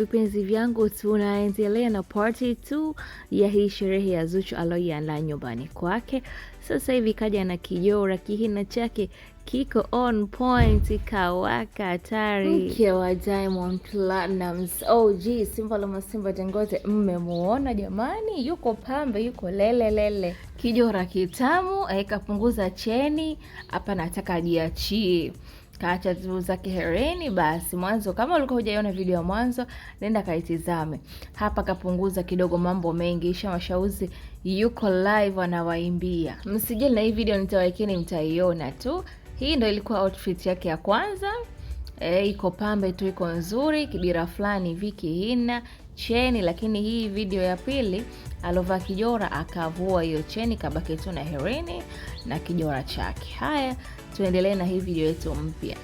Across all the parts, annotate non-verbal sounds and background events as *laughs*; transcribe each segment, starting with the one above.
vipenzi vyangu, tunaendelea na party 2 ya hii sherehe ya Zuchu aliyoiandaa nyumbani kwake. Sasa hivi kaja na kijora, kihina chake kiko on point, kawaka hatari. Mke wa Diamond Platnumz, OG Simba la Masimba Dangote, mmemuona jamani? Yuko pambe, yuko lelelele lele. Kijora kitamu, akapunguza eh, cheni hapa, nataka ajiachie kaacha tu zake hereni basi. Mwanzo kama ulikuwa hujaiona video ya mwanzo, nenda kaitizame. Hapa kapunguza kidogo mambo mengi, Isha Mashauzi yuko live anawaimbia. Msijali na hii video nitawaekeni, mtaiona tu. Hii ndo ilikuwa outfit yake ya kwanza. E, iko pambe tu, iko nzuri, kibira fulani viki hina cheni, lakini hii video ya pili alovaa kijora akavua hiyo cheni, kabaki tu na herini na kijora chake. Haya, tuendelee na hii video yetu mpya.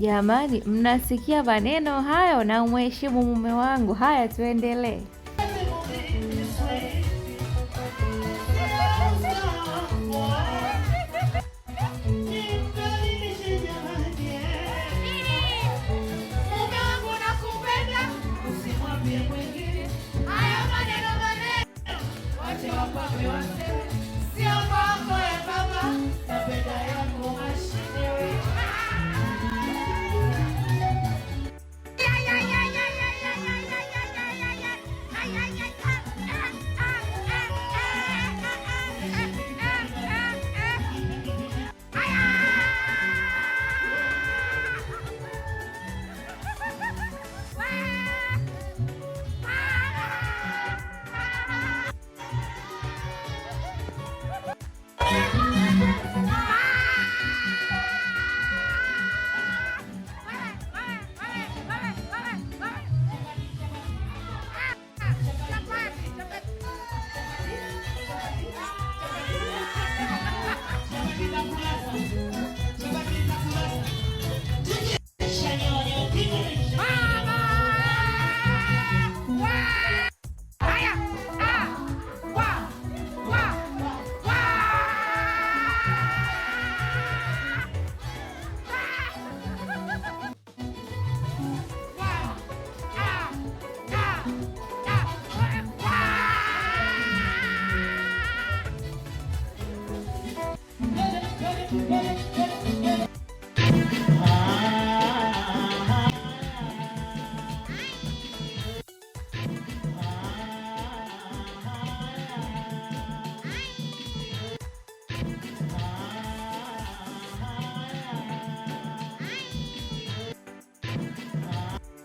Jamani, mnasikia maneno hayo? Na mheshimu mume wangu. Haya, tuendelee.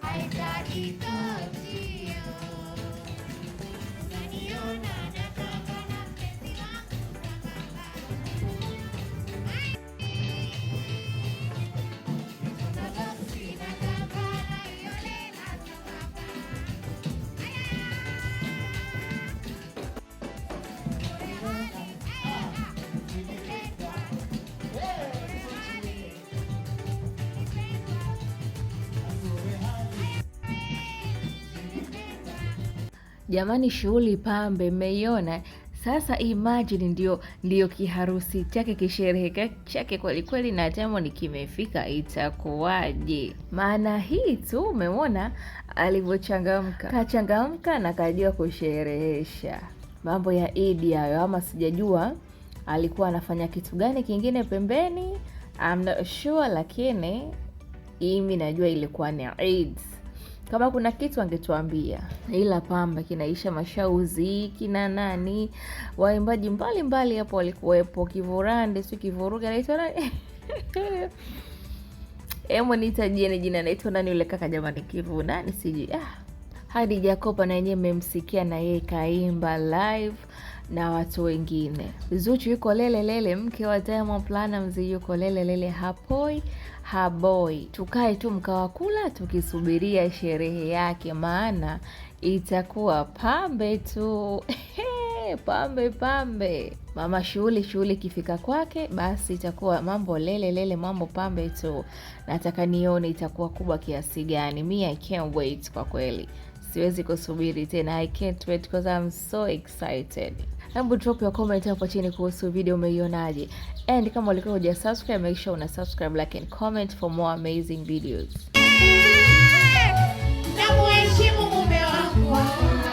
I got it. Jamani, shughuli pambe, mmeiona sasa. Imagine ndio ndio kiharusi chake kisherehe chake kwelikweli, na Diamond kimefika, itakuwaje? Maana hii tu umeona alivyochangamka, kachangamka na kajua kusherehesha mambo ya Idi hayo, ama sijajua alikuwa anafanya kitu gani kingine pembeni, I'm not sure, lakini mimi najua ilikuwa ni Eid kama kuna kitu angetuambia, ila pamba kinaisha mashauzi kina nani, waimbaji mbalimbali hapo walikuwepo, Kivurande si Kivuruga anaitwa nani? *laughs* Emo nitajieni jina anaitwa nani yule kaka jamani, Kivu nani sijui, ah hadi Jacob na yenyewe mmemsikia na yeye kaimba live na watu wengine. Zuchu yuko lelelele lele, mke wa Diamond Platnumz yuko lelelele lele, hapoi haboi. Tukae tu kula tukisubiria sherehe yake, maana itakuwa pambe tu *laughs* pambe pambe, mama shughuli shughuli ikifika kwake, basi itakuwa mambo lelelele lele, mambo pambe tu. Nataka nione itakuwa kubwa kiasi gani. Mi I can't wait kwa kweli siwezi kusubiri tena, I can't wait because I'm so excited. Hebu drop your comment hapo chini kuhusu video umeionaje, and kama ulikuwa huja subscribe, make sure una subscribe, like and comment for more amazing videos. Namuheshimu mume wangu.